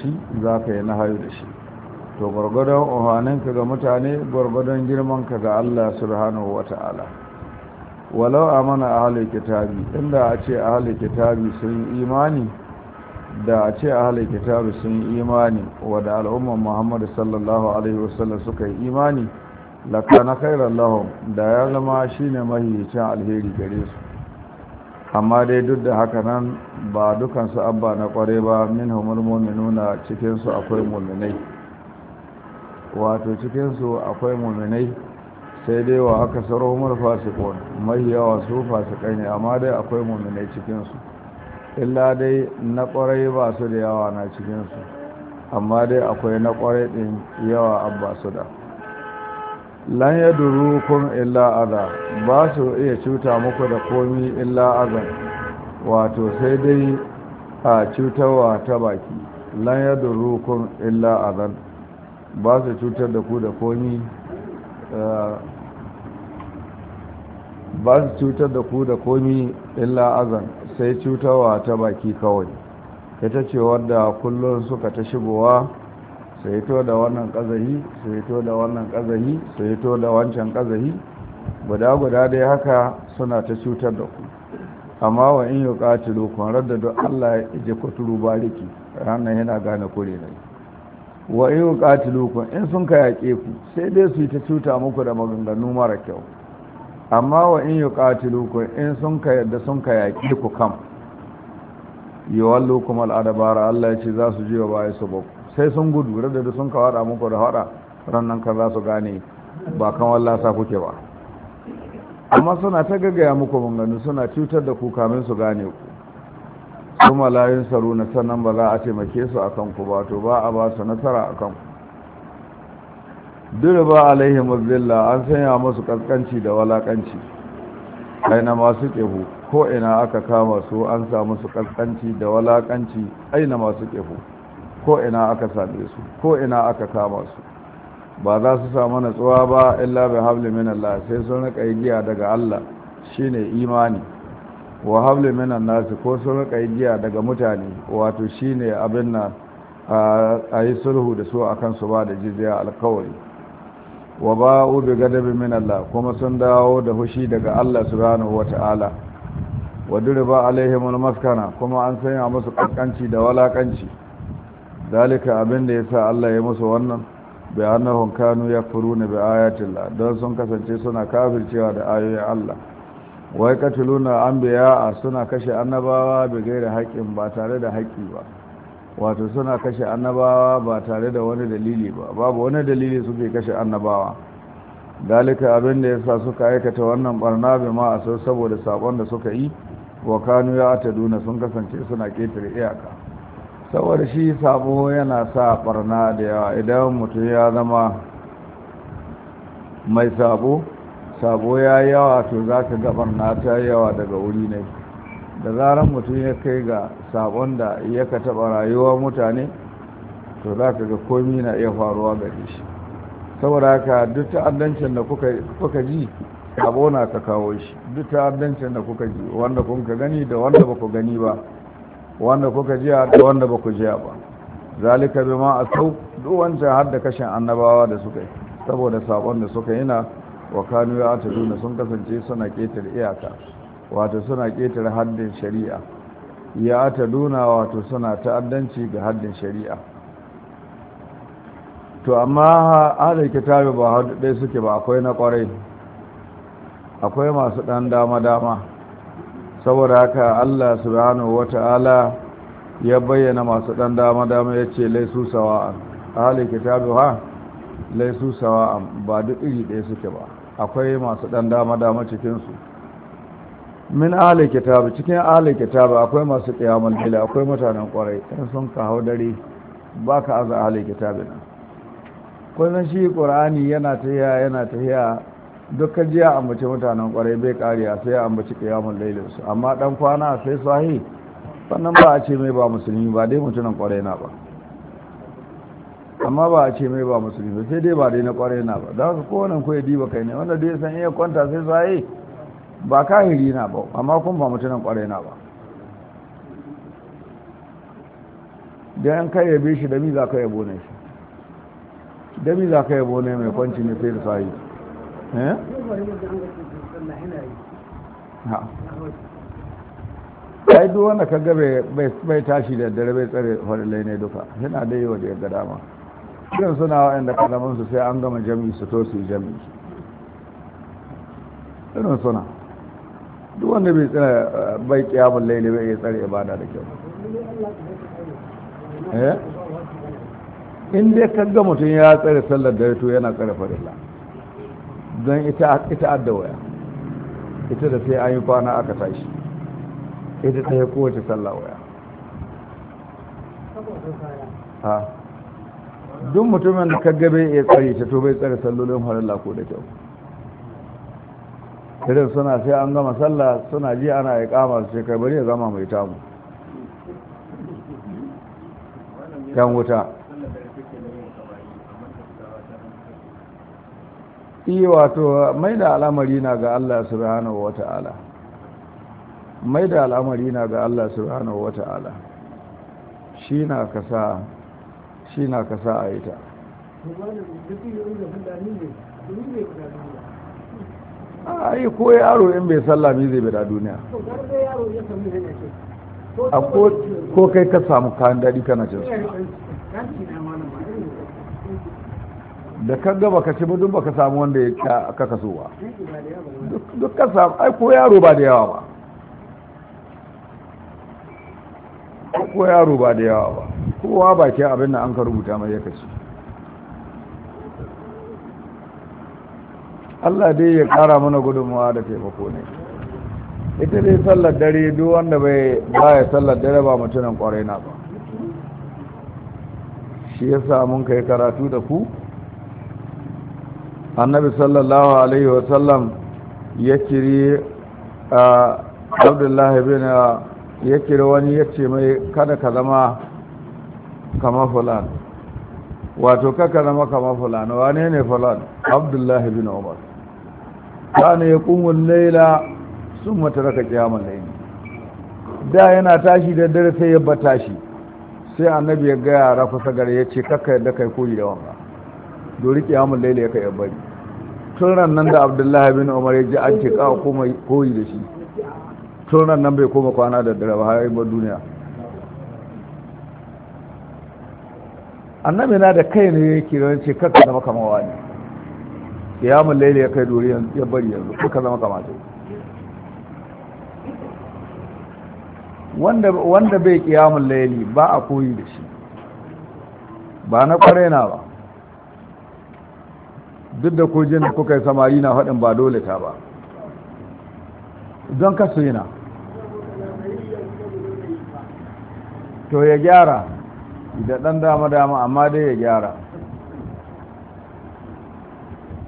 shi za ka yi nahayu da shi to gwargwadon ohaninka ga mutane gwargwadon ka ga Allah subhanahu wata'ala walau amana ahli kitabi inda a ce kitabi sun imani da a ce halin kitabi sun yi imani wa da al'ummar Muhammad sallallahu alaihi wasallam suka yi imani lakana khairan lahon da ya zama shine mahiyacin alheri gare su amma dai duk da haka nan ba dukansu abba na kware ba min humul mu'minuna cikinsu akwai mu'minai wato cikinsu akwai mu'minai sai dai wa aka saro humul fasikon mai yawa su fasikai ne amma dai akwai mu'minai cikinsu illa dai na kware ba su da yawa na cikinsu amma dai akwai na kwarai din yawa abba su da lan ya duru kun illa aza ba su iya cuta muku da komi illa aza wato sai dai a cutarwa ta baki lan ya duru kun illa aza ba su cutar da ku da komi ba su cutar da ku da komi illa azan sai cutarwa ta baki kawai ita ce wadda kullum suka ta shigowa Saito da wannan kazahi saito da wannan kazahi saito da wancan kazahi guda guda dai haka suna ta cutar da ku amma wa in yi katilu kun radda duk allah ya ije kuturu bariki ranar yana gane kure ne wa in yi katilu kun in sun ka yaƙe ku sai dai su yi ta cuta muku da maganganu mara kyau amma wa in yi katilu kun in sun ka yadda sun ka yaƙe ku kam yi wallo kuma al'adabara allah ya ce za su ji wa baya su baku sai sun gudu da sun ka muku da hada rannan kan za su gane ba kan wallasa kuke ba amma suna ta gagaya muku manganu suna cutar da ku kamin su gane ku kuma layin saro na sannan ba za a taimake su a kanku ba to ba a ba su nasara a kanku dole ba alaihi mazilla an sanya musu kaskanci da walakanci aina masu kehu ko ina aka kama su an sa musu kaskanci da walakanci aina masu kehu ko ina aka same su ko ina aka kama su ba za su samu natsuwa ba illa bi habli min sai sun rika giya daga Allah shine imani wa habli min nas ko sun rika giya daga mutane wato shine abin nan a yi sulhu da su akan su ba da jiziya alkawari wa ba'u bi gadabi min Allah kuma sun dawo da hushi daga Allah su subhanahu wata'ala wa duriba alaihimul maskana kuma an sanya musu kankanci da walakanci dalika abin da ya sa Allah ya musu wannan bai annahun kanu ya furu na bai don sun kasance suna kafircewa da ayoyin Allah wai katuluna an biya a suna kashe annabawa bai gaira haƙƙin ba tare da haƙƙi ba wato suna kashe annabawa ba tare da wani dalili ba babu wani dalili suke kashe annabawa dalika abin da ya sa suka aikata wannan barna bai ma a saboda saƙon da suka yi wa kanu ya ataduna sun kasance suna ƙetare iyaka saboda shi sabo yana sa barna da yawa idan mutum ya zama mai sabo sabo ya yawa to za ka ga barna ta yawa daga wuri ne da zarar mutum ya kai ga sabon da ya ka taɓa rayuwa mutane to za ka ga komi na iya faruwa ga shi saboda haka duk ta'addancin da kuka ji sabo na ka kawo shi duk ta'addancin da kuka ji wanda kun ka gani da wanda ba ku gani ba wanda kuka jiya da wanda ba ku jiya ba zalika bi ma asau duk wancan har da kashin annabawa da suka yi saboda sabon da suka yi na wa kanu ya ta duna sun kasance suna ketare iyaka wato suna ketare haddin shari'a ya ta duna wato suna ta'addanci ga haddin shari'a to amma hada kitabi ba hadu ɗaya suke ba akwai na kwarai akwai masu ɗan dama dama saboda haka Allah subhanahu wata'ala ya bayyana masu dan dama dama yace laisu sawa'an ahli kitabu ha laisu sawa'an ba duk iri ɗaya suke ba akwai masu dan dama dama cikin su min ahli kitabu cikin ahli kitabu akwai masu qiyamul bil akwai mutanen kwarai in sun ka dare baka aza ahli nan. kullun shi qur'ani yana tahiya yana tahiya dukka jiya ambaci mutanen kwarai bai kariya sai ya ambaci kiyamun lailinsu amma dan kwana sai sahi sannan ba a ce mai ba musulmi ba dai mutunan kwarai na ba amma ba a ce mai ba musulmi ba sai dai ba dai na kwarai na ba don haka kowane ku ya diba kai ne wanda dai san iya kwanta sai sahi ba kahiri na ba amma kun ba mutunan kwarai na ba Dan yan kai yabe shi da mi za ka yabo ne shi da mi za ka yabo ne mai kwanci ne sai da sahi Eh? ai duk wanda ka gabe bai tashi da dare bai tsare farilai ne duka yana da yi waje ga dama irin suna wa'anda kalamansu sai an gama jami'i su to su jami'i irin suna duk wanda bai tsare bai kiyamun laili bai iya tsare ibada da kyau eh? in dai ka ga mutum ya tsare sallar dare to yana tsare farilla don ita adda waya ita da sai an yi kwana aka tashi ita ta yi kowace sallah waya ha duk mutumin da kaggabe ya tsare ta to bai tsare sallolin haralla ko da kyau irin suna sai an gama sallah suna ji ana ya kama su shekaru bari ya zama mai tamu yan wuta iya e, wato mai da al'amari na ga Allah subhanahu wa ta'ala mai da al'amari na ga Allah subhanahu wa ta'ala shi na kasa shi na kasa a ita a yi ko yaro in bai sallami zai bada duniya ko kai ka samu kayan daɗi kana cin su da ka gaba ka ci duk baka samu wanda ya ka kaso ba duk ka samu ai ko yaro ba da yawa ba ko yaro ba da yawa ba kowa ba ke abin da an ka rubuta mai ya kaci Allah dai ya kara mana gudunmawa da taimako ne ita dai sallar dare duk wanda bai baya sallar dare ba mutunan kwarai na ba shi sa mun kai karatu da ku annabi sallallahu alaihi wasallam ya kiri abdullahi bin ya kiri wani ya ce mai kada ka zama kama fulan wato kaka zama kama fulan wane ne fulan abdullahi bin umar ne ya kumun laila sun mata raka kiyamun laini da yana tashi da dare sai ya bata shi sai annabi ya gaya rafa sagar ya ce kaka yadda kai koyi da wanga dori kiyamun laila ya kai abari tun ranar da abdullahi bin umar ya ji an ce kawo koma koyi da shi tun ranar bai koma kwana da dare ba har ba duniya annabi na da kai ne yake ran ce kakka zama kama ne, kiyamun laila ya kai dori ya bari yanzu kakka zama kama ce wanda bai kiyamun laili ba a koyi da shi ba na kwarai na ba duk da kujin da kuka yi samari na faɗin ba dole ta ba don kasu yana to ya gyara da ɗan dama-dama amma dai ya gyara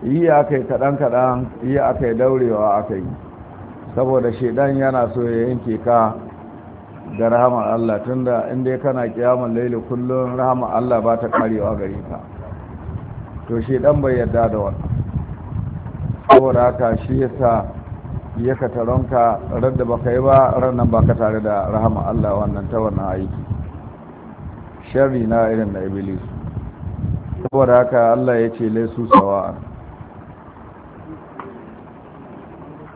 yi aka yi kaɗan-kaɗan yi aka yi daurewa aka yi saboda shaidan yana so ya yanke ka da rahama Allah tunda inda kana kiyamun laili kullum rahama Allah ba ta karewa gari ka to shi dan bai yarda da wannan saboda haka shi yasa ya ka taronka da baka yi ba nan baka tare da rahama Allah wannan ta wannan aiki sharri na irin na iblis saboda haka Allah ya ce laisu sawa'a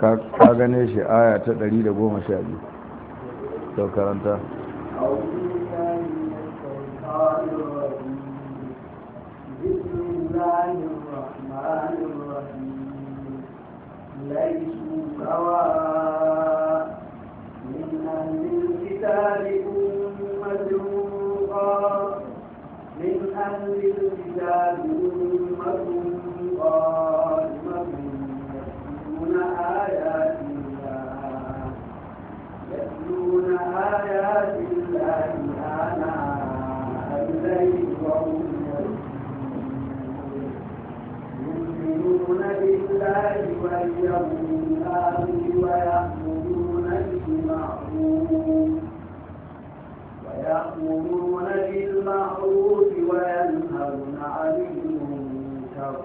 ka gane shi aya ta 112 to karanta أعوذ بالله من الشيطان الرجيم الله الرحمن الرحيم ليسوا سواء من أهل الكتاب أمة من أهل الكتاب أمة قائمة يتلون آيات الله يتلون آيات الله آناء الليل يؤمنون بالله واليوم الآخر ويأمرون بالمعروف ويأمرون بالمعروف وينهون عن المنكر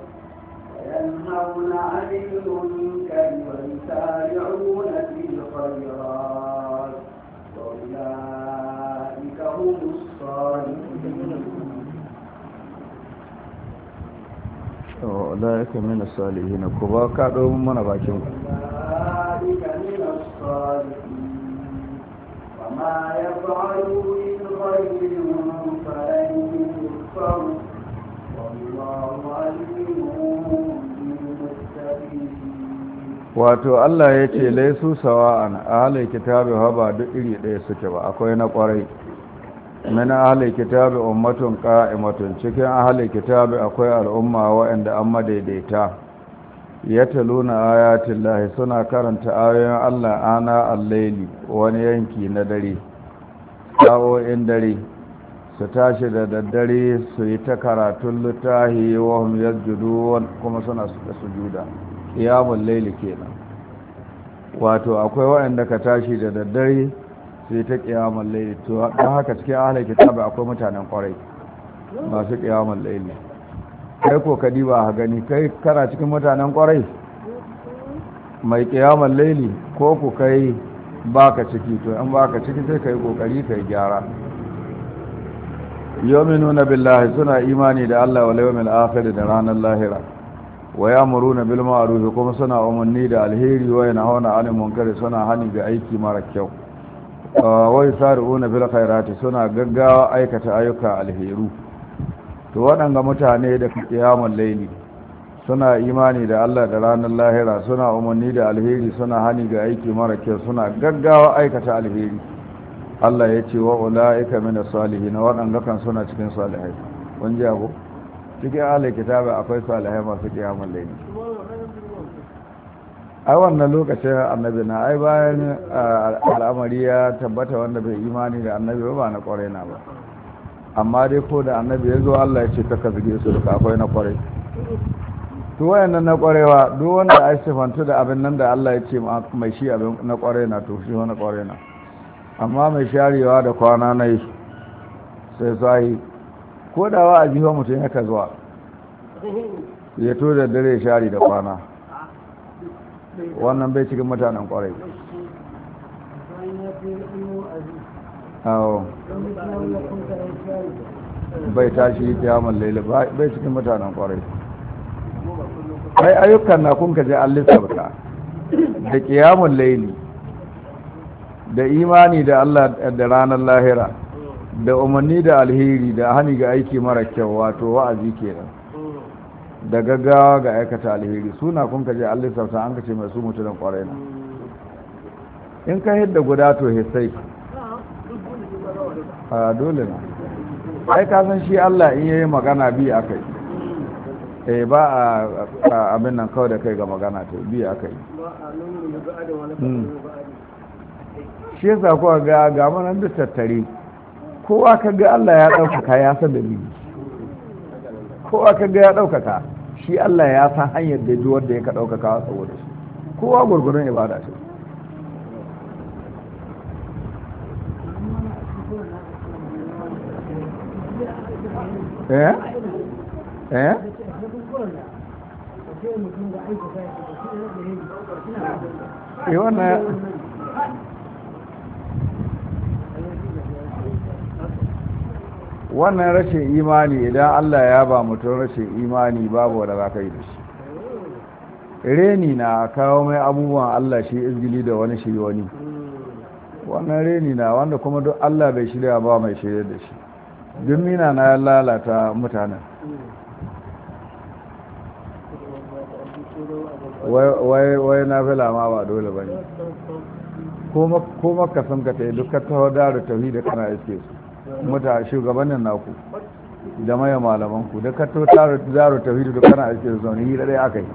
وينهون عن المنكر ويسارعون wala yake mina salihi na ku ba ka mana bakin ku wato Allah ya ce laisu sawa'an ahalai kitabi haba duk iri ɗaya suke ba akwai na ƙwarai min ahalin kitabi ummatun qa'imatun cikin ahalin kitabi akwai al'umma waɗanda an madaidaita yataluna ayatin lahi suna karanta ayoyin Allah ana al wani yanki na dare sa'o'in dare su tashi da daddare su yi ta karatun littahi wa hum yasjudun kuma suna sujuda qiyamul laili kenan wato akwai waɗanda ka tashi da daddare sai ta kiyamun laili to don haka cikin ahalar kitabi akwai mutanen kwarai masu kiyamun laili kai ko kadi ba a gani kai kana cikin mutanen kwarai mai kiyamun laili ko ku kai baka ciki to in baka ciki sai kai kokari kai gyara bin billahi suna imani da Allah wa laifin akhir da ranar lahira wa ya ya'muruna bil ma'ruf kuma suna umarni da alheri wa yanhauna 'anil munkari suna hani ga aiki mara kyau wai sari'una bil khairati suna gaggawa aikata ayyuka alheru to waɗanga mutane da kiyamul laili suna imani da Allah da ranar lahira suna umarni da alheri suna hani ga aiki mara kyau suna gaggawa aikata alheri Allah ya ce wa ula'ika as salihin waɗanda kan suna cikin salihai kun ji abu cikin ahalai akwai salihai masu kiyamul laini ai wannan lokacin annabi na ai bayan al'amari ya tabbata wanda bai imani da annabi ba na kwarai na ba amma dai ko da annabi ya zo Allah ya ce ka zige su duka akwai na kwarai to wayannan na kwarewa duk wanda ai sifantu da abin nan da Allah ya ce mai shi abin na kwarai na to shi wani kwarai na amma mai sharewa da kwana na yi sai sai ko da wa a jiwa mutum ya ka zuwa ya to da dare shari da kwana wannan bai cikin mutanen kwarai bai tashi kiyamun laila bai cikin mutanen kwarai ai ayyukan na kun kaje an lissafta da kiyamun laili da imani da Allah da ranar lahira da umarni da alheri da hani ga aiki mara kyau wato wa'azi kenan da gaggawa ga aikata alheri suna kun kaje an lissafta an kace mai su mutunan kwarai na in ka hidda guda to hissai a dole na ai ka san shi Allah in yayi magana bi akai eh ba a abin nan kawai da kai ga magana to bi akai hmm. shi yasa kuwa ga ga manan da tattare kowa kaga Allah ya dauka ya san da kowa ka ga ya ɗaukaka shi Allah ya san hanyar da ji wanda ya ka ɗaukaka saboda shi kowa gurgurun ibada ce eh eh eh wannan rashin imani idan Allah ya ba mutum rashin imani babu wadda za ka yi da shi reni na kawo mai abubuwan Allah shi izgili da wani shi wani wannan reni na wanda kuma duk Allah bai shirya ba mai shirya da shi duk mina na lalata mutanen wai na fi lama ba dole ba ne ko maka ka ta yi dukkan tawadar da tauhi da kana iske su muta shugabannin naku da maya malamanku da kato zaro tawhidu da kana ake zaune hira dai aka yi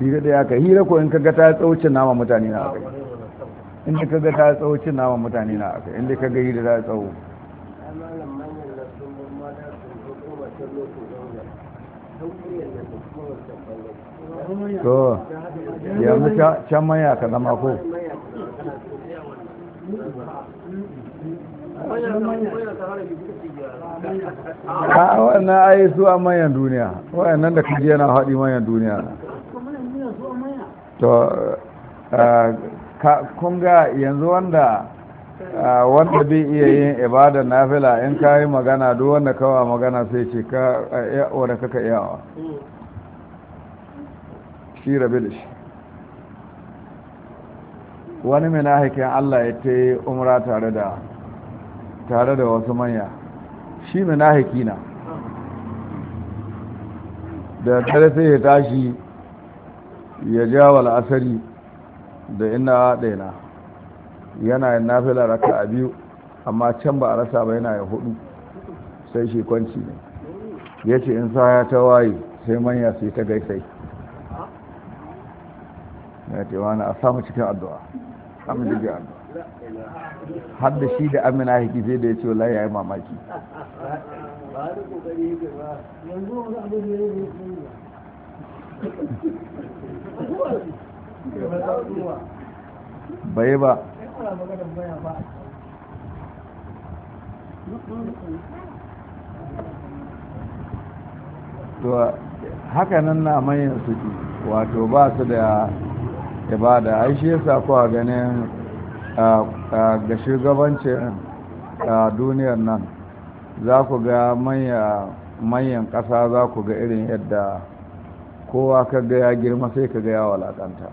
hira dai aka hira ko in kaga ta tsaucin nama mutane na aka in da kaga ta tsaucin nama mutane na aka in da kaga hira ta tsawo to yanzu can maya ka zama ko a wannan ai su a manyan duniya wayannan da kaji yana haɗi manyan duniya to eh, kun ga yanzu wanda eh, wanda bai iya yin ibada na fila in ka yi magana duk wanda kawa magana sai ce ka wadda kaka iyawa shi rabe da shi wani minahikin allah ya ta yi umra tare da tare da wasu manya shi ne na hakina. da tare sai ya tashi ya jawo la'asari da ina ɗaina yana yin nafila raka a biyu amma can ba a rasa ba yana ya hudu sai shi kwanci ne ya ce in sa ta waye sai manya sai ta gaisai ya ce wani a samu cikin addu'a jirgin addu'a har da shi da amina haki zai da ya ce wallahi ya yi mamaki bai ba to haka nan na manyan suke wato ba su da ibada ai shi yasa kowa ganin ga shugabancin duniyar nan za ku ga manyan ƙasa za ku ga irin yadda kowa ka ga ya girma sai ka ga ya walakanta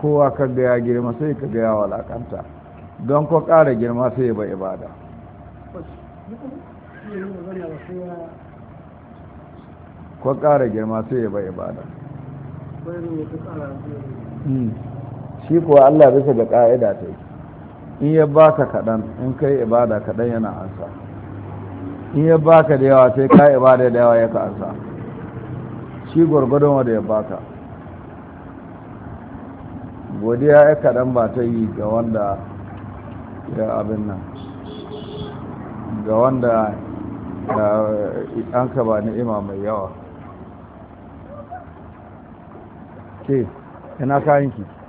kowa ka ga ya girma sai ka ga ya walakanta don ko ƙara girma sai ba ibada ko ƙara girma sai ba ibada shi kuwa Allah bisa ga ƙa'ida ta yi. in ya baka kaɗan in kai ibada kaɗan yana ansa in ya baka da yawa sai ka ibada da yawa ya ka ansa shi gwargwadon wanda ya baka godiya ya kaɗan ba ta yi ga wanda ya abin nan ga wanda an ka ba ni'ima mai yawa ke ina kayanki ki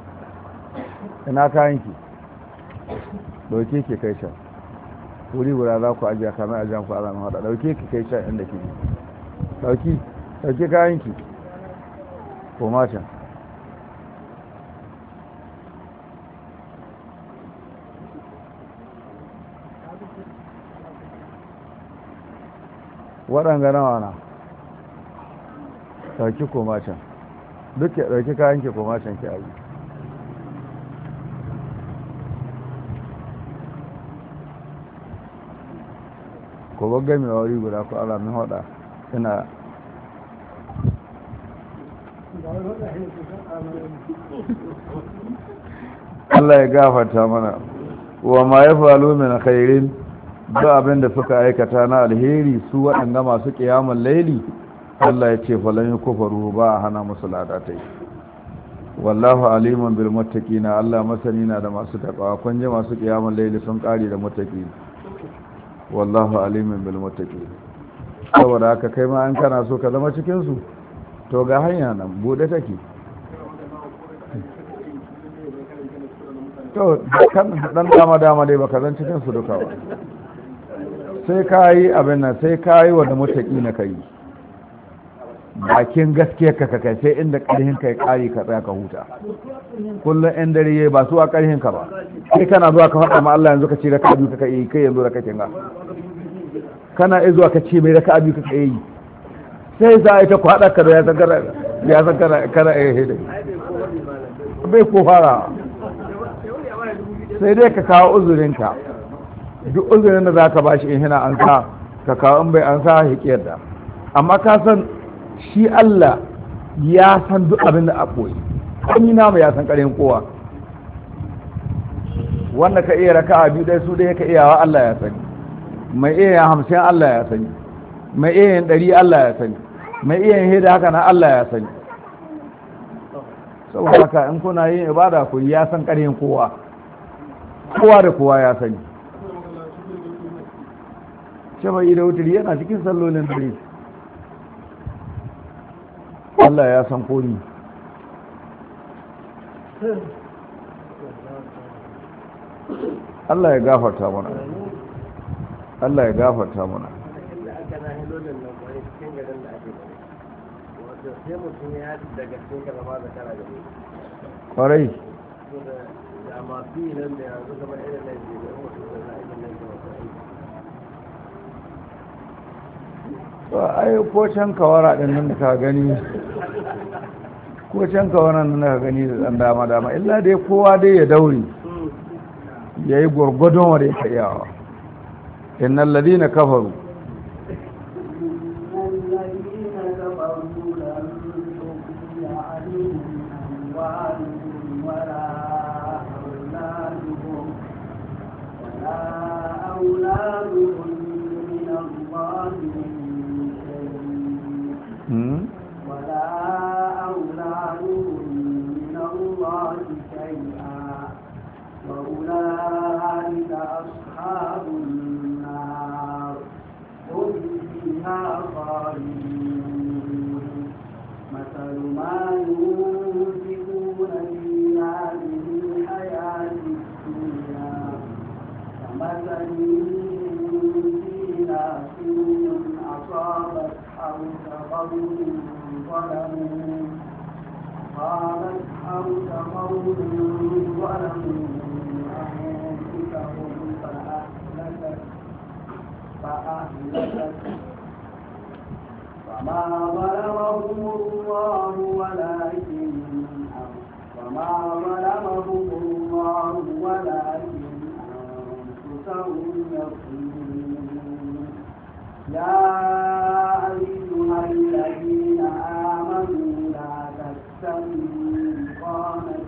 ina ki? dauke ke kai shan wuri guda za ku ajiya kamar ajiyar ku alamun hada dauke ke kai shan inda ke dauki dauke ki ko mata waɗanga nawa na dauki ko mata duk ya dauki ki ko mata ki ajiye ko ba game wa wuri guda ko ala hoda ina Allah ya gafarta mana wa ma yafalu min khairin da abin da suka aikata na alheri su waɗanda masu ƙiyamun laili Allah ya ce falon yi kufaru ba hana musu ladatai wallahu aliman bil muttaqina Allah masani na da masu takawa kun ji masu ƙiyamun laili sun ƙare da muttaqina wallahu alimin bilmataki saboda haka kai ma an kana so ka zama cikin su to ga hanya nan bude take to kan dan dama dama dai baka zan cikinsu su duka ba sai ka yi abin nan sai ka yi wa da na kai bakin gaskiyar ka kai sai inda karhin ka ya ƙari ka tsaya ka huta kullum yan dare yayi ba su a karhin ka ba Sai kana zuwa ka faɗa ma Allah yanzu ka ce raka abu ka kai kai yanzu raka kinga kana iya zuwa ka ce mai raka abu ka kai sai za a yi ta kwaɗa ka da ya san kana ya san kana kana ya eh, hidai eh, eh. bai ko fara sai dai ka kawo uzurinka duk uzurin da za ka bashi in hina an sa ka kawo in bai an sa hikiyar da amma ka san shi Allah ya san duk abin da akwai. ɓoye kwanyi namu ya san ƙarin kowa wanda ka iya raka a biyu ɗaya su ɗaya ka iyawa Allah ya sani mai iya hamsin Allah ya sani mai iya ɗari Allah ya sani mai iya yin hida haka na Allah ya sani saboda haka in kuna yin ibada ku ya san ƙarin kowa kowa da kowa ya sani shafa'i da wuturi yana cikin sallolin dare Allah ya san komi Allah ya gafarta mana Allah ya gafarta mana kwarai da masu yi nan da yanzu kamar irin ba a yi can kawara ɗin nan da ka gani can kawara nan da ka gani da ɗan dama dama illa dai kowa dai ya daure ya yi gwargwadon wa da ya kayawa ladina kafaru Yeah. الذين آمنوا لا تستوي إقامة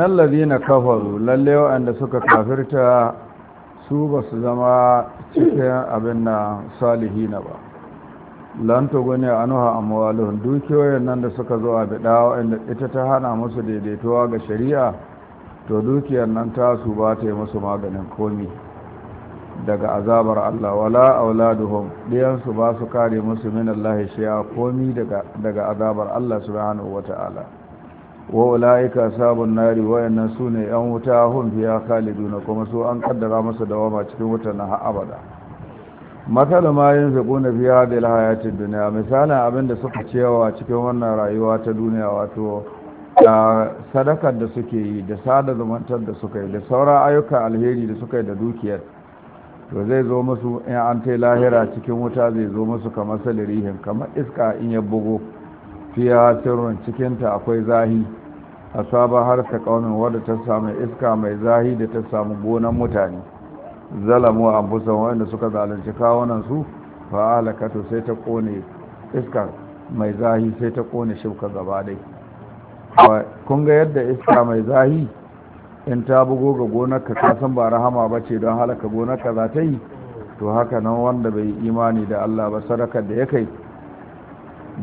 annan Ladina kafaru lalle wa'anda suka kafirta su ba su zama cikin abin na salihina ba lanta gani a nuha dukiyoyin nan da suka zo a bida wa'anda ita ta hana musu daidaituwa ga shari'a to dukiyar nan ta su ba ta yi musu maganin komi daga azabar Allah wala auladuhum su ba su kare musu min Allah shi'a komi daga azabar Allah subhanahu wata'ala wa ulaika sabon nari wayannan sune yan wuta hum fiha na kuma su an kaddara masa dawama cikin wuta na abada matsala ma yin na fiye da lahayacin duniya misalin abinda suka cewa cikin wannan rayuwa ta duniya wato sadakar da suke yi da sada zumantar da suka yi da sauran ayyukan alheri da suka yi da dukiyar to zai zo musu in an tai lahira cikin wuta zai zo musu kamar salirihin kamar iska in ya bugo fiya sirrin cikinta akwai zahi saba har ta kaunin wadda ta samu iska mai zahi da ta samu gonan mutane zalamu a busan wanda suka zalunci kawunan su fa halakatu sai ta kone iska mai zahi sai ta kone shuka gaba dai kun ga yadda iska mai zahi in ta bugo ga gonarka ka san ba rahama ba ce don halaka gonarka za ta yi to haka nan wanda bai imani da Allah ba sadakar da ya kai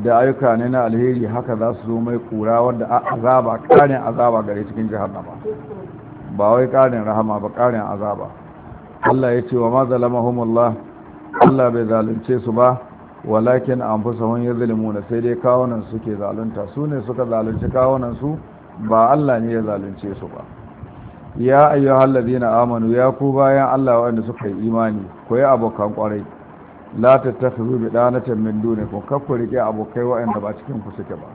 da ayyuka ne na alheri haka za su zo mai kura wadda azaba karin azaba gare cikin jahannama ba wai karin rahama ba karin azaba Allah ya ce wa ma zalamahumullah Allah bai zalunce su ba walakin anfusahum yazlimuna sai dai kawunan suke zalunta su ne suka zalunci kawunan su ba Allah ne ya zalunce su ba ya ayyuhallazina amanu ya ku bayan Allah waɗanda suka yi imani ko yi abokan kwarai la ta tafiru bi ɗanatan min duniya, ku kakku riƙe abokai waɗanda ba cikin ku suke ba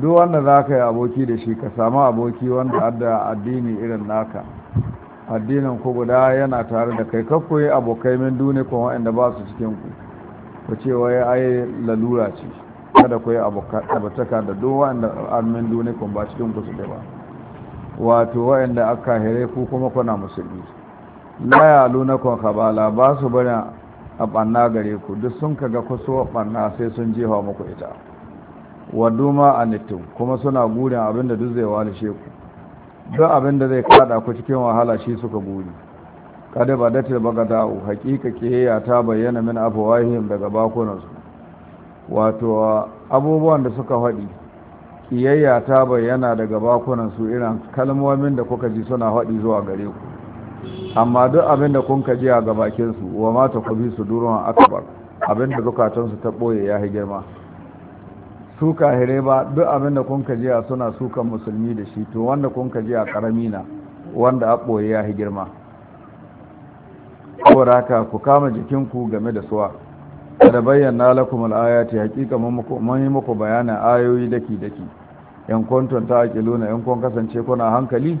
duk wanda za ka yi aboki da shi ka samu aboki wanda adda addini irin naka addinin ku guda yana tare da kai kakku yi abokai min duni ku waɗanda ba su cikin ku ku ce wai ai lalura ce kada ku yi abokai da duk waɗanda min duni ku ba cikin ku suke ba wato waɗanda aka hire ku kuma kuna musulmi la ya na kun khabala ba su bari a ɓanna gare ku duk sun kaga wa ɓanna sai sun jefa muku ita Wa duma a nittin kuma suna gurin abin da duk zai walishe ku duk abin da zai kada ku cikin wahala shi suka guri kada ba datil baka da'u hakika ƙiyayya ta bayyana min afwahihim daga su. wato abubuwan da suka faɗi ƙiyayya ta bayyana daga su, irin kalmomin da kuka ji suna faɗi zuwa gare ku amma duk abin da kun ka jiya ga bakinsu wa mata ku bi su duruwan akabar abin da zukatansu ta ɓoye ya yi girma su kahire ba duk abin da kun ka jiya suna sukan musulmi da shi to wanda kun ka jiya ƙarami na wanda a ɓoye ya yi girma Ko raka ku kama jikinku game da suwa da bayyana lakum ce, ayati mun yi muku bayanin ayoyi daki daki yan kwanton kuntum ta'qiluna in kun kasance kuna hankali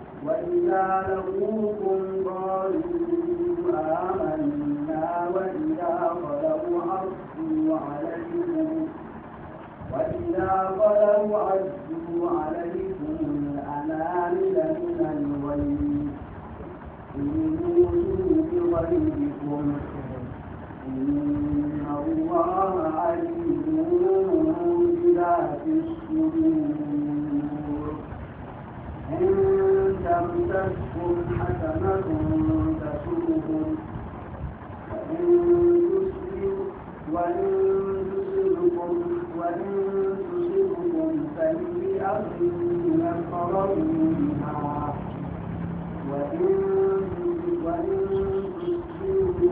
وإذا لقوكم قالوا آمنا وإذا خلوا عزوا عليكم وإذا خلوا عزوا عليكم الأنامل من الغيب إنوا بغيبكم إن الله عليم بذات الصدور تم تسكن حسنة تسوهم وإن تسركم وإن تصبكم سيئة يفرحوا بها وإن تصبروا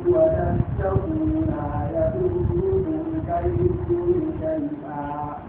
وتتقوا لا يضركم كيدهم شيئا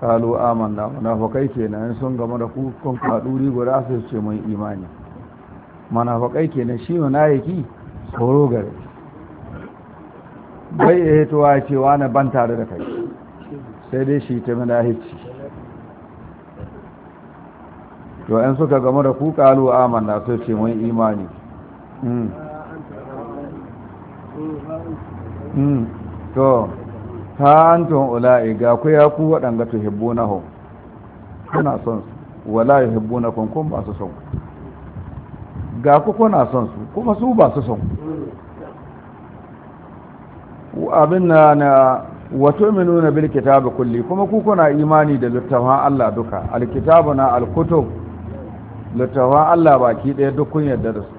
kalu amanna munafakai kenan sun game da ku kun faɗuri guda su ce mun imani munafakai kenan shi munafiki tsoro gare bai ya hitowa cewa na ban tare da kai sai dai shi ta munafici to yan suka game da ku kalu na su ce mun imani to ha antum ula'i ga ku ya ku waɗanda hu kuna son su wala yuhibbunakum kun ba su son ga ku kuna son su kuma su ba su son wa abinna na wato tu'minuna bil kitabi kulli kuma ku kuna imani da littafan Allah duka alkitabu na kutub littafan Allah baki ɗaya duk kun da su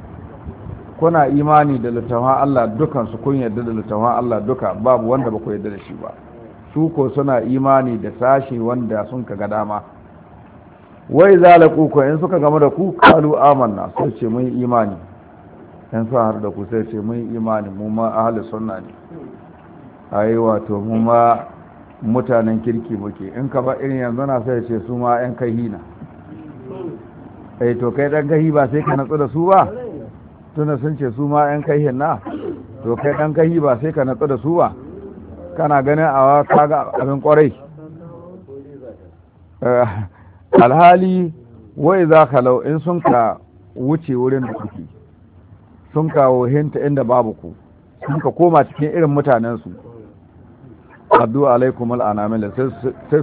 kuna imani da littafan Allah dukan su kun yarda da littafan Allah duka babu wanda ba ku yarda da shi ba su ko suna imani da sashi wanda sun kaga dama wai zalaku ko in suka gama da ku kalu amanna sai ce mun imani in sa har da ku sai ce mun imani mu ma ahli sunna ne ai wato mu ma mutanen kirki muke in ka ba irin yanzu na sai ce su ma yan kahina eh to kai dan gahi ba sai ka natsu da su ba tunda sun ce su ma 'yan kahin na to kai ɗan kahi ba sai ka natsu da su ba kana ganin a ga abin kwarai eh, alhali wai za ka lau in sun ka wuce wurin da kuke sun ka hinta inda babu ku sun ka koma cikin irin mutanensu addu alaikum al'anamila sai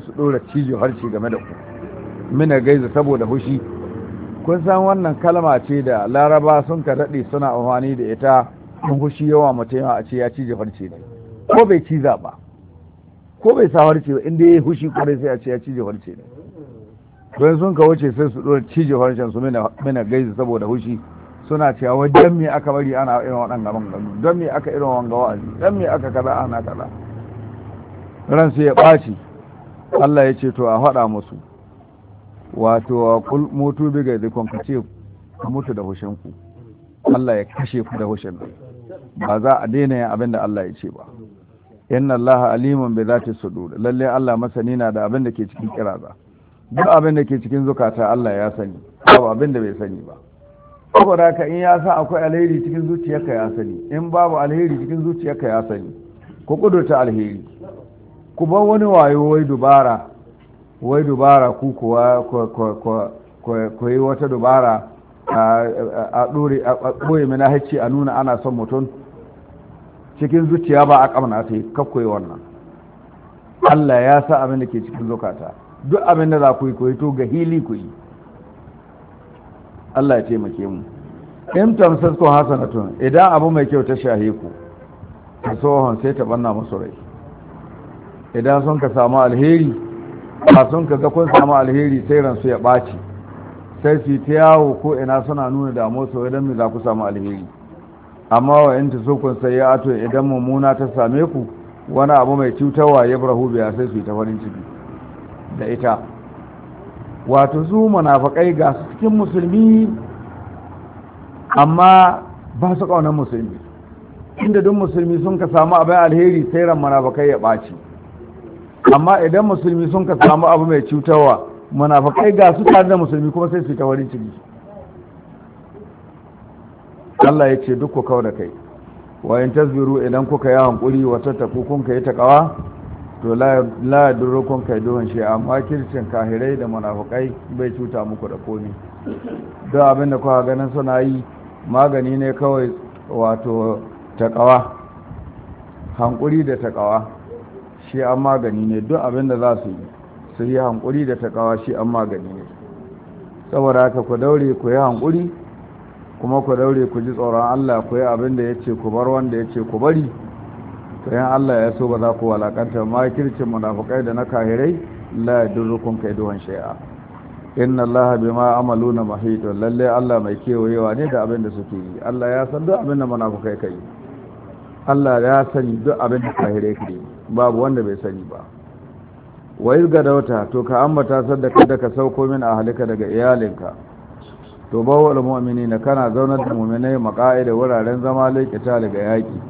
su ɗora cijo harshe game da ku mina gaiza saboda hushi kun san wannan kalma ce da laraba sun ka daɗe suna amfani da ita sun hushi yawa mutum a ce ya cije farce ne ko bai ciza ba ko bai sa farce ba inda ya hushi kwarai sai a ce ya cije farce ne don sun ka wuce sai su ɗora cije farcen su mina gaizi saboda hushi suna cewa wajen me aka bari ana irin waɗanda gano don me aka irin wanga wa'azi don me aka kaza ana kaza ran sai ya ɓaci Allah ya ce to a faɗa musu wato kul mutu bi ga zikon ka ce mutu da hushin ku Allah ya kashe ku da hushin ba za a daina yin abin da Allah ya ce ba inna Allah aliman bi zati sudur lalle Allah masani na da abin da ke cikin kiraza duk abin da ke cikin zukata Allah ya sani babu abin da bai sani ba saboda ka in ya sa akwai alheri cikin zuciyarka ya sani in babu alheri cikin zuciyarka ya sani ku kudurta alheri ku bar wani wayo wai dubara wai dubara ku kuwa ku yi wata dubara a ɗore a ɓoye mina hacci a nuna ana son mutum cikin zuciya ba a kamna ta yi kakkoyi wannan Allah ya sa abin da ke cikin zukata duk abin da za ku yi ku to ga hili ku yi Allah ya taimake mu in tamsas ko hasanatun idan abu mai kyau ta shahe ku ta tsohon sai ta banna musu rai idan sun ka samu alheri ba sun kaga kun samu alheri sai ransu ya ɓaci sai su ta yawo ko ina suna nuna damu su idan mu za ku samu alheri amma wa in ta so kun sai ya ato idan mummuna ta same ku wani abu mai cutarwa ya barahu biya sai su yi ta farin ciki da ita wato su munafakai ga su cikin musulmi amma ba su ƙaunar musulmi inda duk musulmi sun ka samu abin alheri sai ran munafakai ya ɓaci amma idan musulmi sun ka samu abu mai cutarwa munafakai ga su tare da musulmi kuma sai su ta warin ciki Allah ya ce duk ku kawo da kai wayan tasbiru idan kuka yi hankuri wata taku kun ka yi takawa to la duro kun kai duhun shi amma kircin kahirai da munafakai bai cuta muku da komi don abin da kuka ganin suna yi magani ne kawai wato takawa hankuri da takawa shi an magani ne duk abin da za su yi su yi hankuri da takawa shi an magani ne saboda haka ku daure ku yi hankuri kuma ku daure ku ji tsoron Allah ku yi abin da ya ce ku bar wanda ya ce ku bari to yan Allah ya so ba za ku walakanta makircin munafukai da na kahirai la yadurrukum kaiduhan shay'a inna Allah bima amaluna mahit lalle Allah mai kewayewa ne da abin da suke yi Allah ya san duk abin da munafukai kai Allah ya sani duk abin da kahirai kai babu wanda bai sani ba wa ga dauta to ka ambata sadaka da ka sauko min a halika daga iyalinka to bawal na kana zaunar da mu'minai da wuraren zama laikita daga yaki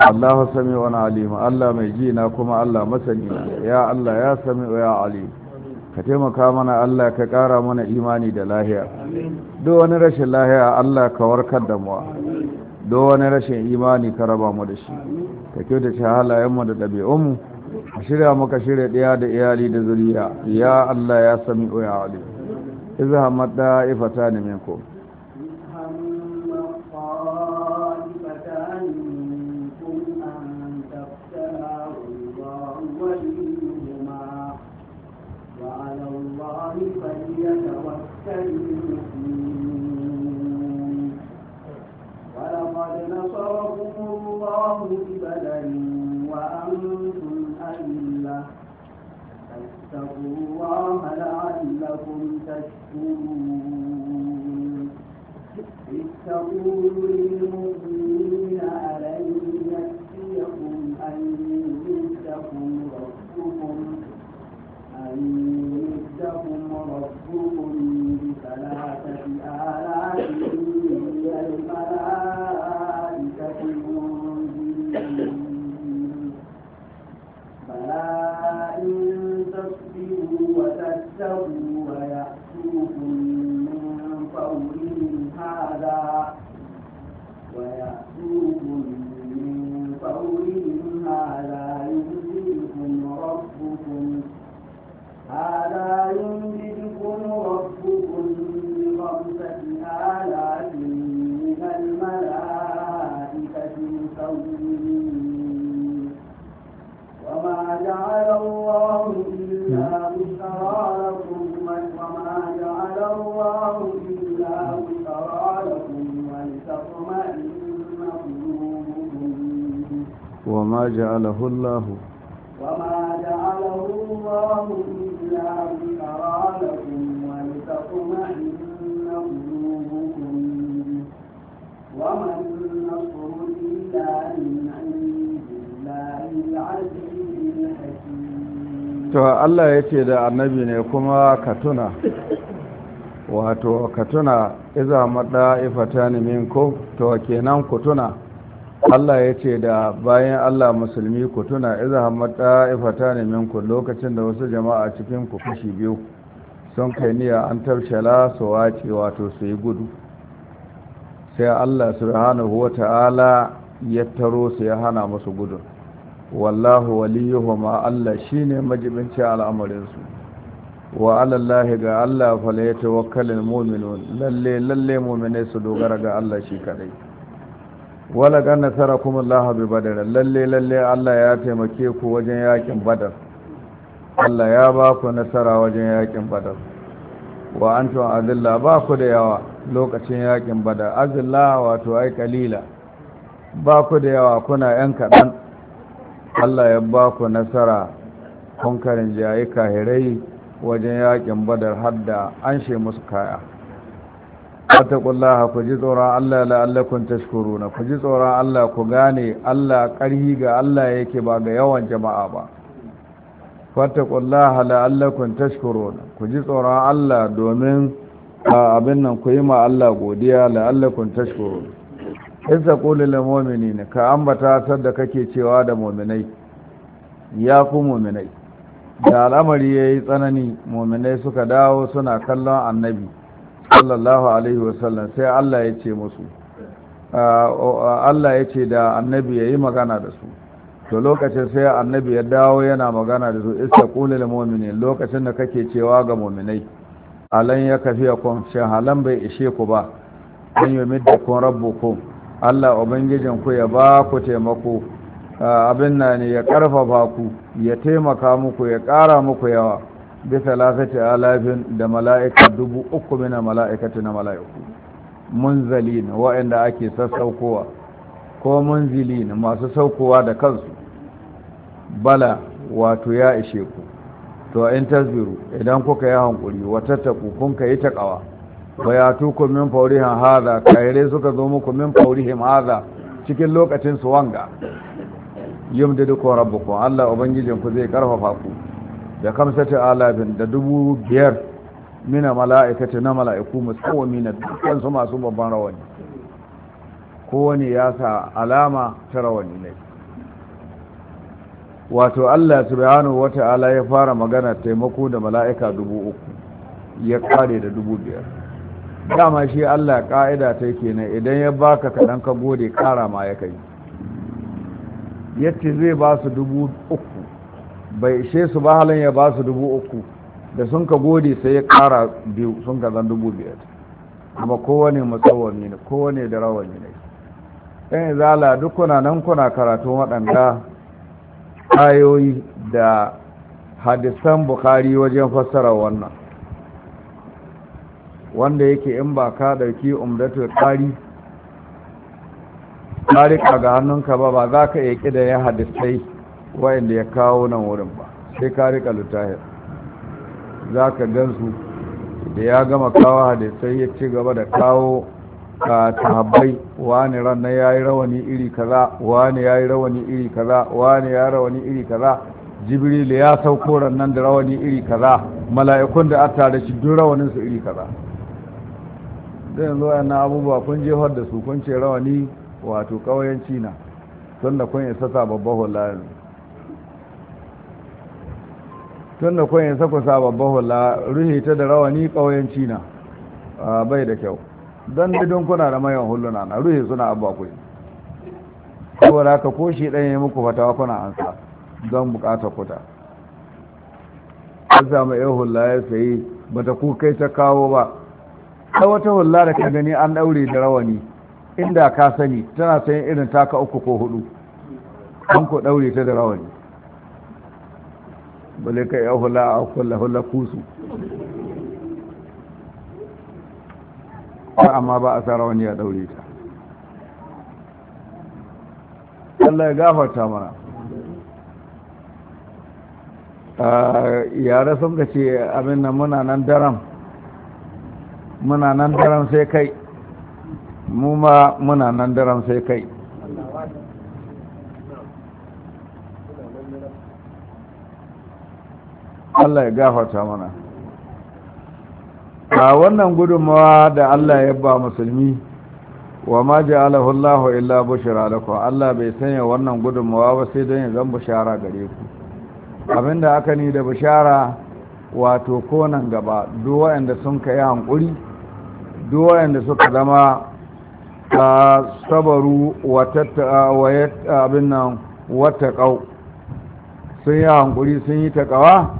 Allahu na alimu Allah mai ji na kuma Allah masani ya Allah ya wa ya Ali. ka taimaka mana Allah ka ƙara mana imani da lahiya duk wani rashin lahiya Allah ka warkar don wani rashin imani ka raba mu da shi ka da halayenmu da ɗabi'unmu a shirya muka shirya ɗaya da iyali da zuriya ya Allah ya sami oya alim izhamat da ifata ne minkum جعله الله وما جعله الله إلا ذكرى لكم ولتطمئن قلوبكم وما النصر إلا من عند الله العزيز الحكيم. To Allah ya ce da annabi ne kuma ka tuna, wato ka tuna iza maɗa ifata ne min to kenan ku tuna. Allah ya ce da bayan Allah musulmi ku tuna iza hamata ifata ne minku lokacin da wasu jama'a cikin ku kashi biyu sun kai niyya an tabshala su wace wato su yi gudu sai Allah subhanahu wata'ala ya taro su ya hana musu gudu. wallahu ma Allah shine majibinci al'amarin su wa alallahi ga Allah yatawakkalul mu'minun lalle lalle muminai su dogara ga Allah shi kadai wala nasara kuma Allah bi badar lalle lalle Allah ya taimake ku wajen yakin badar Allah ya ba ku nasara wajen yakin badar wa antu azilla ba ku da yawa lokacin yakin badar azilla wato ai kalila ba ku da yawa kuna yan kadan Allah ya ba ku nasara kun karin jayi kahirai wajen yakin badar hadda an she musu kaya watakullaha ku ji tsoron Allah la'allakun tashkuru na ku ji tsoron Allah ku gane Allah ƙarhi ga Allah yake ba ga yawan jama'a ba watakullaha la'allakun tashkuru na ku ji tsoron Allah domin a abin nan ku yi ma Allah godiya la'allakun tashkuru in sa ƙuli da momini ne ka ambata sadda kake cewa da mominai ya ku mominai da al'amari ya yi tsanani mominai suka dawo suna kallon annabi sallallahu alaihi wasallam sai Allah ya ce musu Allah ya ce da annabi ya yi magana da su to lokacin sai annabi ya dawo yana magana da su iska kulil mu'minin lokacin da kake cewa ga mu'minai alan ya kafi ya kun shin halan bai ishe ku ba an yi da kun rabbukum Allah ubangijin ku ya ba ku taimako abin nan ya karfafa ku ya taimaka muku ya kara muku yawa bi salasati alafin da mala'ika dubu uku mina mala'ikati na mala'iku munzalin wa'anda ake sassaukowa ko munzilin masu saukowa da kansu bala wato ya ishe ku to in tasbiru idan kuka yi hankuri wata taku kun ka yi takawa bayatu ku min faurihin haza kaire suka zo muku min faurihin haza cikin lokacin su wanga yumdidu ku rabbukum Allah ubangijinku zai karfafa ku da kamsati alabin da dubu biyar mina mala'ikata na mala'iku musamman na dukkan su masu babban rawani kowane ya sa alama ta rawani ne wato Allah subhanahu Ala ya fara magana taimako da mala'ika dubu uku ya kare da dubu biyar dama shi Allah ka'ida ta kenan idan ya baka kaɗan ka gode kara ma ya kai yadda zai ba su dubu uku bai ishe su ba halin ya ba su dubu uku da sun ka gode sai ya kara biyu sun ka zan dubu biyar kuma kowane matsawani ne kowane da rawani ne ɗan izala duk kuna nan kuna karatun waɗanda ayoyi da hadisan bukari wajen fassara wannan wanda yake in ba ka ɗauki umdatul ƙari tarika ga hannunka ba ba za ka iya da ya hadisai Wa'inda ya kawo nan wurin ba sai ka rika littafin za ka gansu da ya gama kawo hadisai ya ci gaba da kawo ka tahabbai wani ranar ya yi rawani iri kaza wani ya yi rawani iri kaza wani ya rawani iri kaza jibril ya sauko nan da rawani iri kaza mala'ikun da aka tare shi duk rawanin su iri kaza da yanzu wayannan abubuwa kun jefar da su kun ce rawani wato ƙauyen cina tun da kun isa sa babbar yanzu tun da kwayan sakwasa babban hula ruhi ta da rawani ƙauyenci na bai da kyau don didon kuna da mayan huluna na ruhi suna abba kuwa da aka koshi ɗan yi muku fatawa kuna ansa don bukatar kuta an samu yan hula ya sayi ba ta kukai ta kawo ba ta wata hula da ka gani an ɗaure da rawani inda ka sani tana sayan irin taka uku ko hudu an ku ɗaure ta da rawani bale ka ya hula a hula-hula kusu amma ba a tsara wani ya daure ta Allah ya gafarta mana yare sun ka ce abin nan muna nan daram muna nan daram sai kai mu ma muna nan daram sai kai Allah ya gafarta mana a wannan gudunmawa da Allah ya ba musulmi wa ma ji alahullahu illa bushra lakum Allah bai sanya wannan gudunmawa ba sai don ya zan bushara gare ku abinda aka ni da bushara wato konan gaba duwa wanda sun kai hankuri duk wanda suka zama sabaru wata abin nan sun yi hankuri sun yi takawa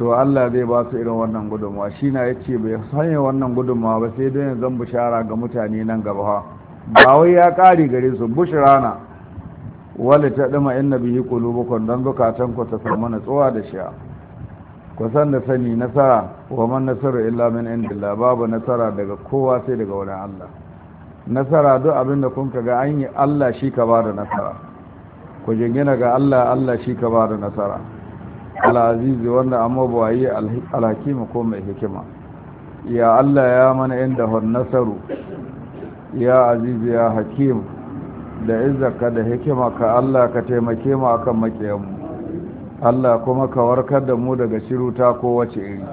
to Allah zai ba su irin wannan gudunmawa shi na ya ce bai sanya wannan gudunmawa ba sai don zan bishara ga mutane nan gaba ba wai ya ƙari gare su rana. wale ta ɗima in na biyi kulubukun don zukatan ku ta samu natsuwa da shi. ku san da sani nasara wa man nasara illa min indillah babu nasara daga kowa sai daga wani Allah nasara duk abin da kun ga an yi Allah shi ka ba da nasara ku jingina ga Allah Allah shi ka ba da nasara al'azizi wanda amma ba yi alhakima ko mai hikima ya Allah ya mana inda nasaru ya azizi ya hakim da izaka da hikima ka Allah ka taimake mu akan makiyanmu Allah kuma ka warkar da mu daga shiruta ko wace iri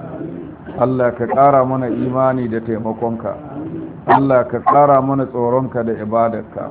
Allah ka ƙara mana imani da taimakonka Allah ka ƙara mana tsoronka da ibadarka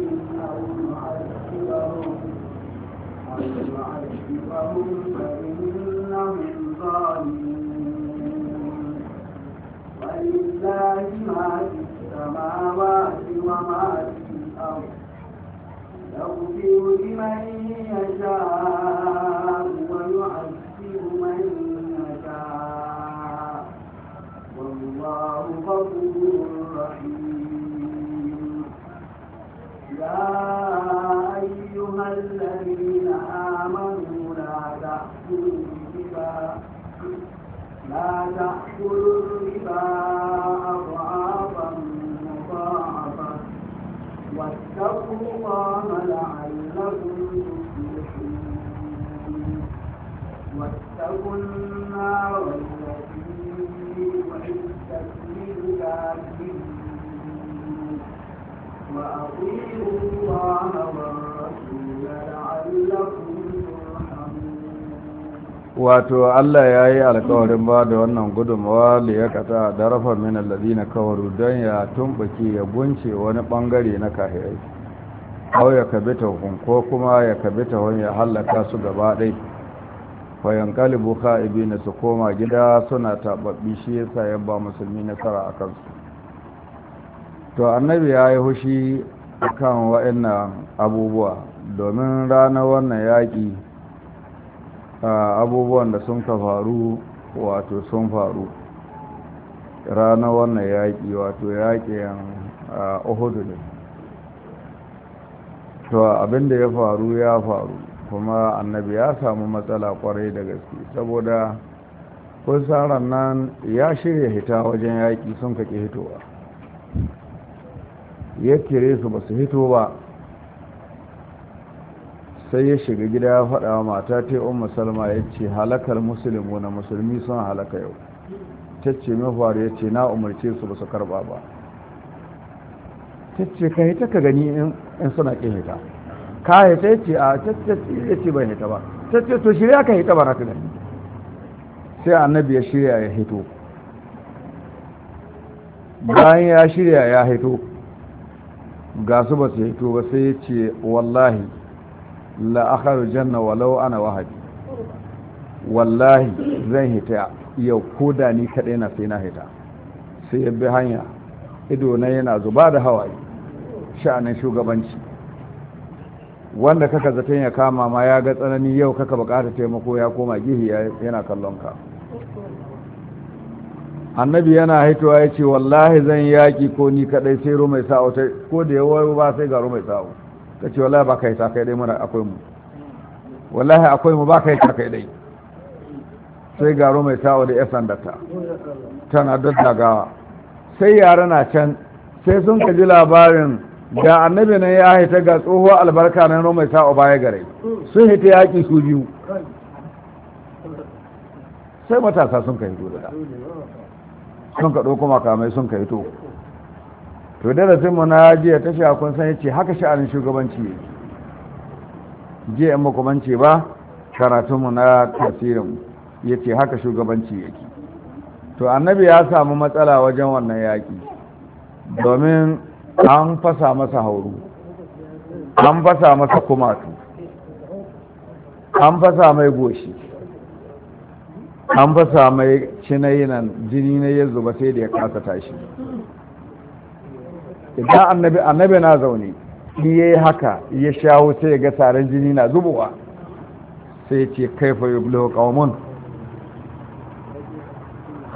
ولله ما في السماوات وما في الأرض يغفر لمن يشاء ويعذب من يشاء والله غفور رحيم الذين آمنوا لا تأكلوا الربا لا تأكلوا الربا أضعافا مضاعفا واتقوا الله لعلكم تفلحون واتقوا النار التي أعدت للكافرين وأطيعوا الله ورسوله wato Allah ya yi alkawarin ba da wannan gudunmawa da ya kata da rafa min allazi na kawaru don ya tumbaki ya gunce wani bangare na kahirai ko ya kabi tahun ko kuma ya kabi tahun ya hallaka su gaba ɗai fayan kalibu ka'ibi na su koma gida suna taɓaɓɓi shi yasa ya ba musulmi nasara a kansu to annabi ya yi hushi kan wa'annan abubuwa domin ranar wannan yaƙi abubuwan da sun ka faru wato sun faru ranar wannan yaƙi wato yaƙin ohudu ne to abinda ya faru ya faru kuma annabi ya samu matsala kwarai da gaske saboda kusan nan ya shirya hita wajen yaƙi sun kaƙi hitowa ya kire su ba su hito ba sai ya shiga gida ya faɗa wa mata ta yi umar salma ya ce halakar musulun na musulmi sun halaka yau ta ce mafar ya ce na umarce su ba su karɓa ba ta ce ka hita ka gani in suna ƙin hita ka hita ya ce a tattaci ya ce bai hita ba ta ce to shirya ka hita ba na sai annabi ya shirya ya hito bayan ya shirya ya hito ga ba su hito ba sai ya ce wallahi la akharu janna walau ana wahabi wallahi zan hita yau ko da ni kadai na sai na hita sai ya hanya ido na yana zuba da hawaye sha'anin shugabanci wanda kaka zaton ya kama ma ya ga tsanani yau kaka bukata taimako ya koma gihi yana kallon ka annabi yana haituwa ya ce wallahi zan yaƙi, ko ni kadai sai rumai sa'o ko da yawa ba sai ga rumai sa'o ka ce wallahi ba ka yi takai dai muna akwai mu wallahi akwai mu ba ka yi takai dai sai garo mai tawo da yasan da ta tana daddagawa sai yara na can sai sun ka ji labarin da annabi nan ya haita ga tsohuwar albarka na mai sa'o baya gare sun hita yaƙi su biyu sai matasa sun ka hito da sun ka ɗauko makamai sun ka hito to da mu na jiya ta shi kun san yace haka sha'anin shugabanci yake jiya in muku ba karatun mu na ya yace haka shugabanci yake to annabi ya samu matsala wajen wannan yaƙi, domin an fasa masa hauru an fasa masa kumatu an fasa mai goshi an fasa mai cinayinan jini na ya zuba sai da ya kasa tashi idan annabi annabi na zaune in yi haka ya shawo sai ga tsarin jini na zubowa sai ce kaifa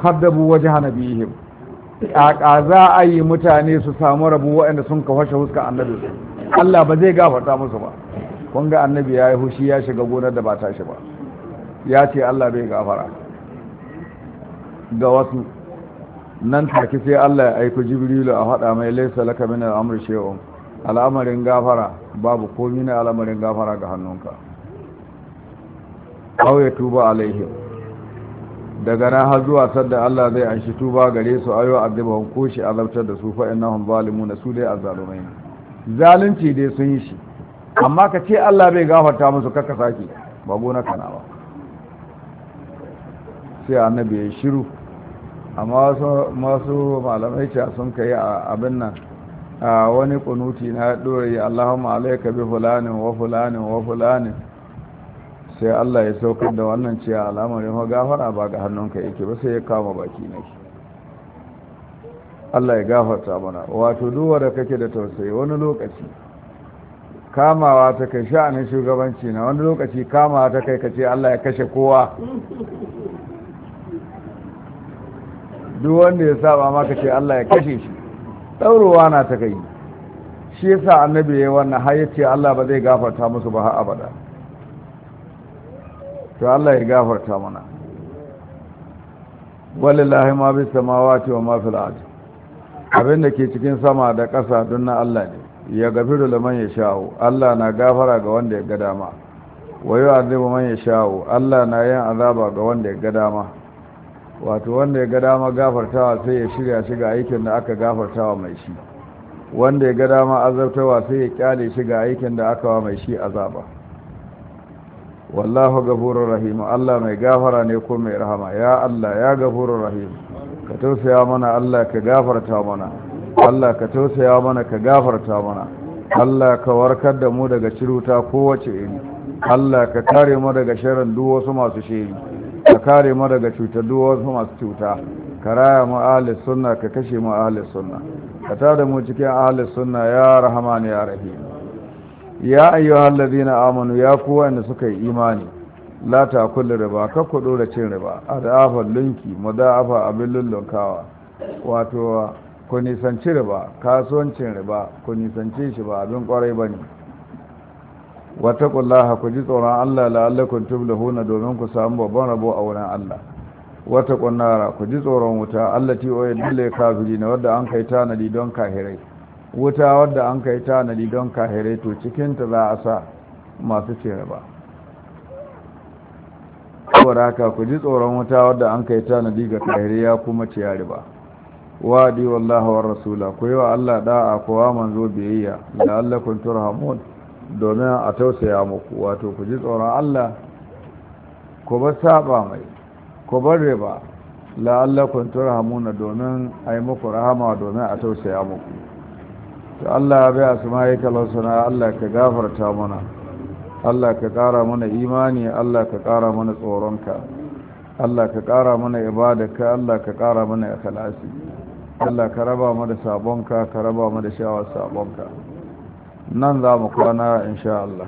Haddabu waje hana biyu nabihim ƙaƙa za a yi mutane su samu rabu waɗanda sun kawashe huska annabi Allah ba zai gafarta musu ba kun ga annabi ya yi hushi ya shiga gonar da ba ta shi ba ya ce Allah bai gafara ga wasu nan take sai Allah ya aiko jibrilu a faɗa mai laisa laka min al'amri shay'un al'amarin gafara babu komai na al'amarin gafara ga hannunka aw ya tuba alaihim daga nan har zuwa sadda Allah zai anshi tuba gare su ayo azabahum ko shi azabtar da su fa innahum zalimun su dai azzalumai zalunci dai sun yi shi amma ka ce Allah bai gafarta musu kaka saki ba gona kana ba sai annabi ya shiru amma masu malamai ce sun kai abin nan a wani kunuti na ɗorayi allahumma alaika bi fulanin wa fulanin wa fulanin sai allah ya saukar da wannan ce al'amarin wa gafara ba ga hannunka yake ba sai ya kama baki nake allah ya gafarta mana wato duwa da kake da tausayi wani lokaci kamawa ta kai sha'anin shugabanci na wani lokaci kamawa ta kai ka ce allah ya kashe kowa duk wanda ya saba maka ce Allah ya kashe shi Daurowa na ta kai shi yasa annabi ya wannan har ya ce Allah ba zai gafarta musu ba har abada to Allah ya gafarta mana walillahi ma bi samawati wa ma fil ard abin da ke cikin sama da ƙasa don na Allah ne ya gafiru liman ya sha'u Allah na gafara ga wanda ya ga dama wa azabu man ya sha'u Allah na yin azaba ga wanda ya ga dama wato wanda ya ga dama gafartawa sai ya shirya shi aikin da aka gafartawa mai shi wanda ya ga dama azabtawa sai ya kyale shi ga aikin da aka wa mai shi azaba wallahu gafurur rahim Allah mai gafara ne ko mai rahama ya Allah ya gafurur rahim ka tausaya mana Allah ka gafarta mana Allah ka tausaya mana ka gafarta mana Allah ka warkar da mu daga ciruta kowace iri Allah ka kare mu daga sharrin duk wasu masu shiri ka kare mu daga cutar duk wasu masu cuta ka raya mu ahli sunna ka kashe mu ahli sunna ka tada mu cikin ahli sunna ya rahman ya rahim ya ayyuhal ladina amanu ya ku wanda suka yi imani la ta kullu riba ka kudu da cin riba adafa lunki mudafa abin lullunkawa wato ku nisanci riba kasuwancin riba ku nisanci shi ba abin kwarai bane wataƙullaha ku ji tsoron Allah la'allakun huna domin ku samu babban rabo a wurin Allah wataƙunnara ku ji tsoron wuta Allah ti oye dole kafiri na wadda an kai tanadi don kahirai wuta wadda an kai tanadi don kahirai to cikinta za a sa masu cewa ba saboda ku ji tsoron wuta wadda an kai tanadi ga kahirai ya kuma ciyari ba wadi wallahi wa rasula ku yi wa Allah da'a kowa manzo biyayya la'allakun turhamun domin a tausaya muku wato ku ji tsoron Allah ku bar saba mai ku bar riba la'allakun turhamuna domin a yi muku rahama domin a tausaya muku to Allah ya biya su ma'aikalar suna Allah ka gafarta mana Allah ka ƙara mana imani Allah ka ƙara mana tsoronka Allah ka ƙara mana ibadaka Allah ka ƙara mana ikhlasi Allah ka raba mada da sabonka ka raba mu da shawar sabonka nan za mu kwana insha Allah